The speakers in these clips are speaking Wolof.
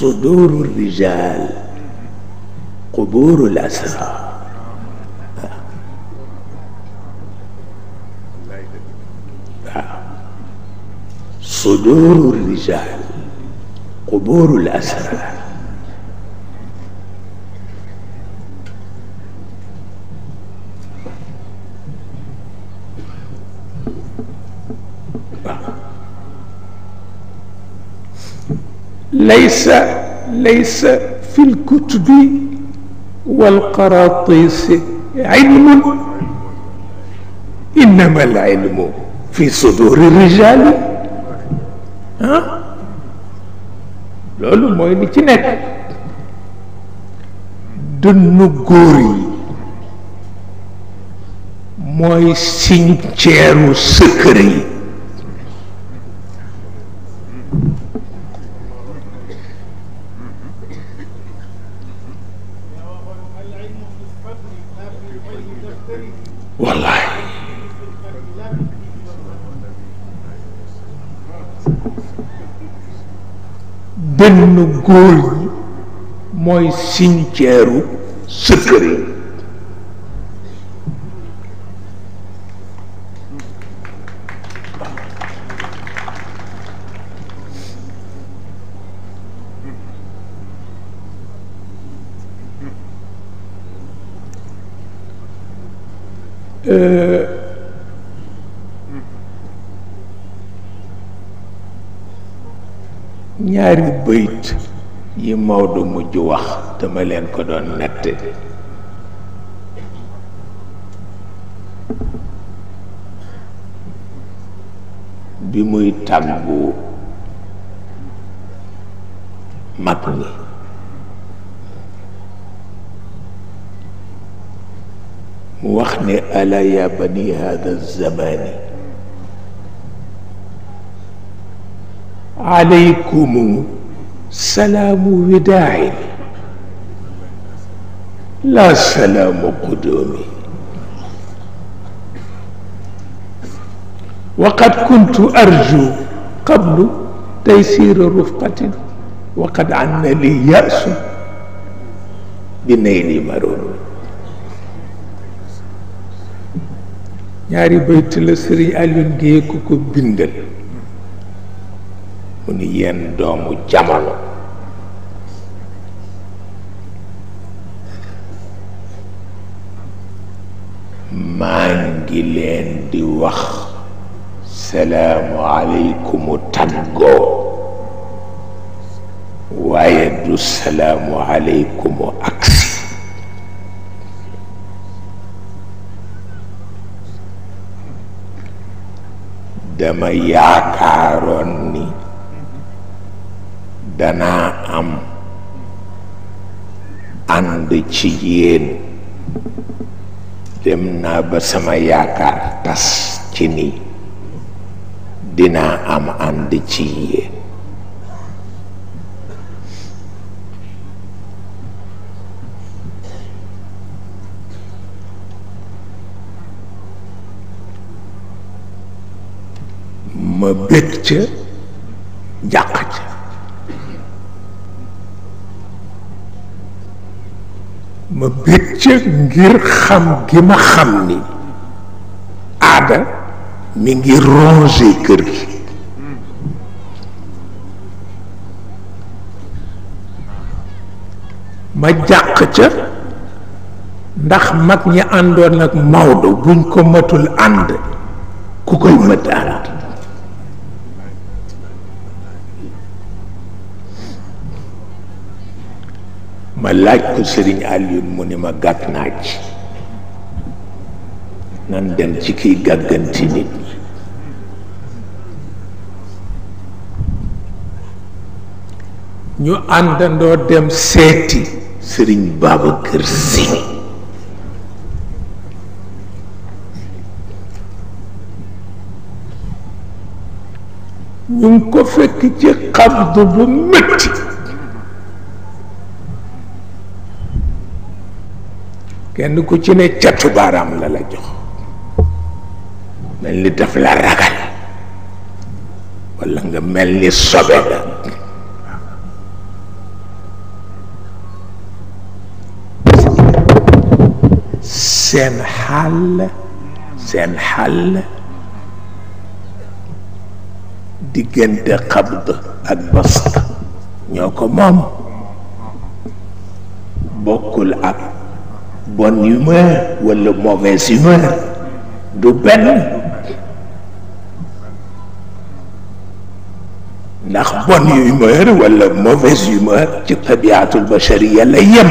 صدور الرجال قبور الأسرى صدور الرجال قبور الأسرى ليس ليس في الكتب والقراطيس علم إنما العلم في صدور الرجال ها loolu mooy li ci nekk dënnu góor yi mooy wallaay benn góor ñi mooy sincèru sëkkëriñ ñaari bëyit yi Maodo mujj wax dama leen ko doon nett bi muy tàggu mag ñi mu wax ne ala ya bani hada zamani عليكم سلام وداع لا سلام قدوم وقد كنت أرجو قبل تيسير رفقة وقد عن لي يأس بنيل مرور ياري بيت لسري ألين جيكو كبندل mu ni yéen doomu jamono maa ngi leen di wax alaykum tàggoo waaye du salaamualeykumu agsi dama yaakaaroon ni danaam am ci yéen dem naa sama ya tas cini ni am ànd ci jak. ma bëccëg ngir xam gi ma xam ni aada mi ngir rongé kër gi ma jàq ca ndax mag ñi àndoon ak Maodo buñ ko matul ànd ku koy mëtaal ma laaj ko sëriñ Alioune mu ni ma gàtt naa ci nan dem ci kiy gàgganti nit ñu àndandoo dem seeti sëriñ Babacar Sy ñu ngi ko fekk ci xabdu bu métti kenn ku ci ne catu la la jox mel ni daf la ragal walla nga mel ni sobe la seen xàll seen xàll diggante xabd ak bast ñoo ko moom bokkul ak bonne humeur ou la mauvaise humeur De benn La bonne humeur ou la mauvaise humeur tu peux ci tabiatul bashariya la yem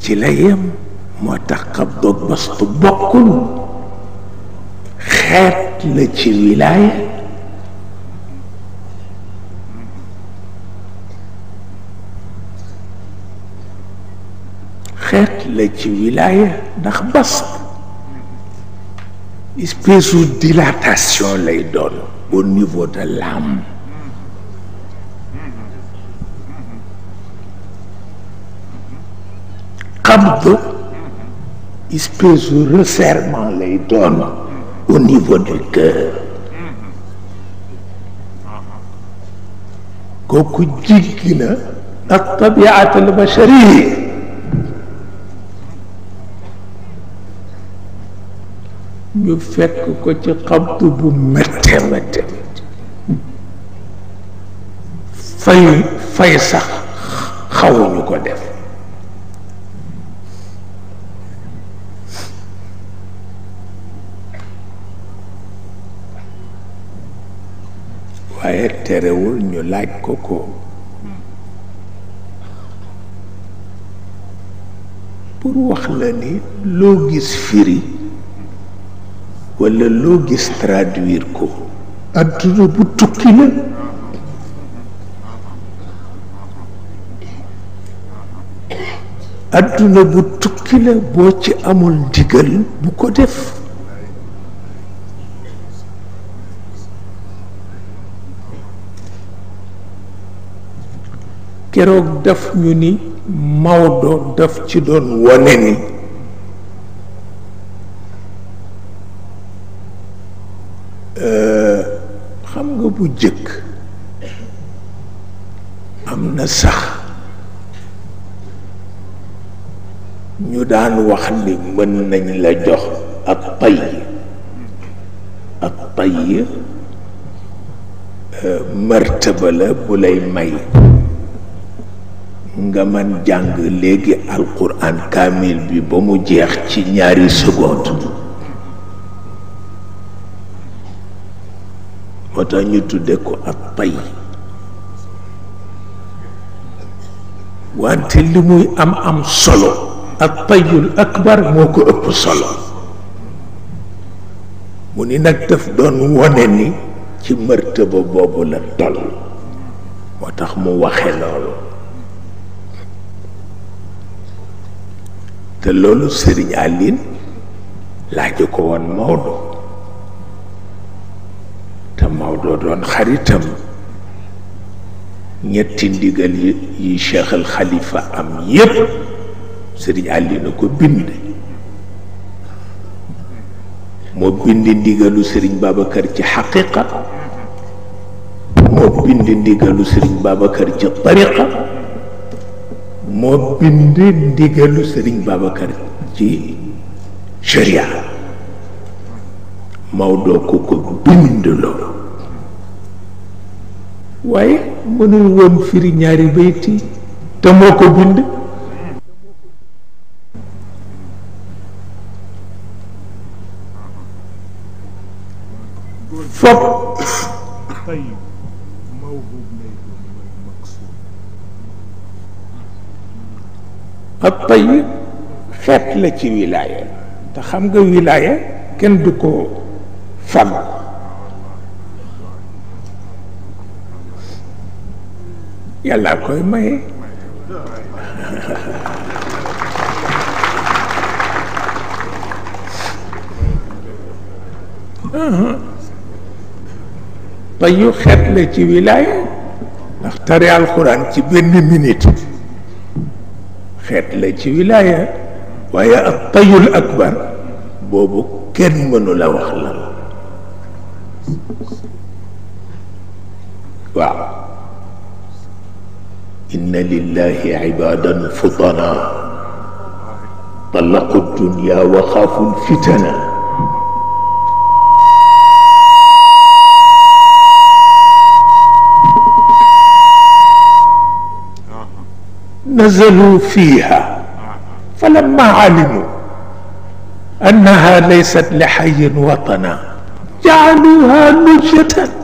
ci la yem moo tax qabdoog bastu bokkul xeet la ci wilaaya Les la ci wilaaya ndax bas espèce dilatation lay doon au niveau de l'âme qabd espèce resserrement lay doon au niveau du cœur kooku jiggi at tabiat al bashariya ñu fekk ko ci xabtu bu métte métte fay fay sax xawuñu ko def waaye terewul ñu laaj ko ko pour wax la ni loo gis firi walla loo gis traduire ko adduna bu tukki la boo ci amul ndigal bu ko def keroog daf ñu ni Maodo daf ci doon wone ni Euh, xam nga bu jëkk am na sax ñu daan wax ni mën nañ la jox ak pay ak pay euh, martaba la bu lay may nga man jàng léegi alquran kaamil bi ba mu jeex ci ñaari seconde moo tax ñu tudde ko ak pay wante li muy am am solo ak payul akbar moo ko ëpp solo mu ni nag daf doon wone ni ci mërtaba boobu la toll moo tax mu waxe loolu te loolu Sëriñ Aline laaju ko woon Maodo Maodo doon xaritam ñetti ndigal yi yi Cheikh am yépp sëriñ Aliou ko bind moo bind ndigalu sëriñ Babacar ci xaqiqa moo bind ndigalu sëriñ Babacar ci tariqa moo bind ndigalu sëriñ Babacar ci sharia Maodo ko ko bindloo waaye mënul woon firi ñaari bayt yi te moo ko bind fop ak tey xeet la ci wilaaya te xam nga wilaaya kenn du ko fam yàlla koy may te yu la ci wilaaya ndax tari alxuraan ci benn minute xeet la ci wilaaya waaye ak tayul akbar boobu kenn mënu la wax la إن لله عبادا فطنا طلقوا الدنيا وخافوا الفتنا نزلوا فيها فلما علموا أنها ليست لحي وطنا جعلوها نجة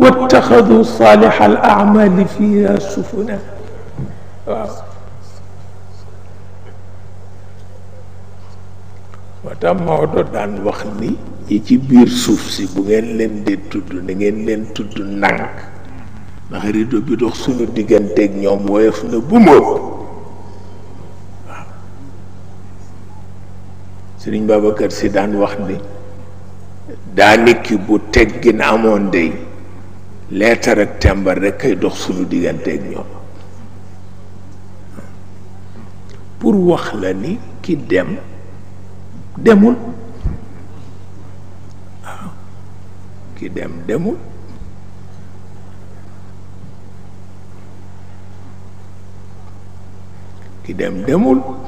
واتخذوا صالح الأعمال فيها سفنا wata Maodo daan wax ni yi ci biir suuf si bu ngeen leen dee tudd na ngeen leen tudd nànk ndax rido bi dox sunu digganteeg ñoom woyof na bu ma waaw Sëriñ Babacar si daan wax ni daaniki bu teggin amoon dey leetar ak tembar rek kay dox sunu digganteeg ñoom pour wax la ni ki dem demul ah, ki dem demul ki dem demul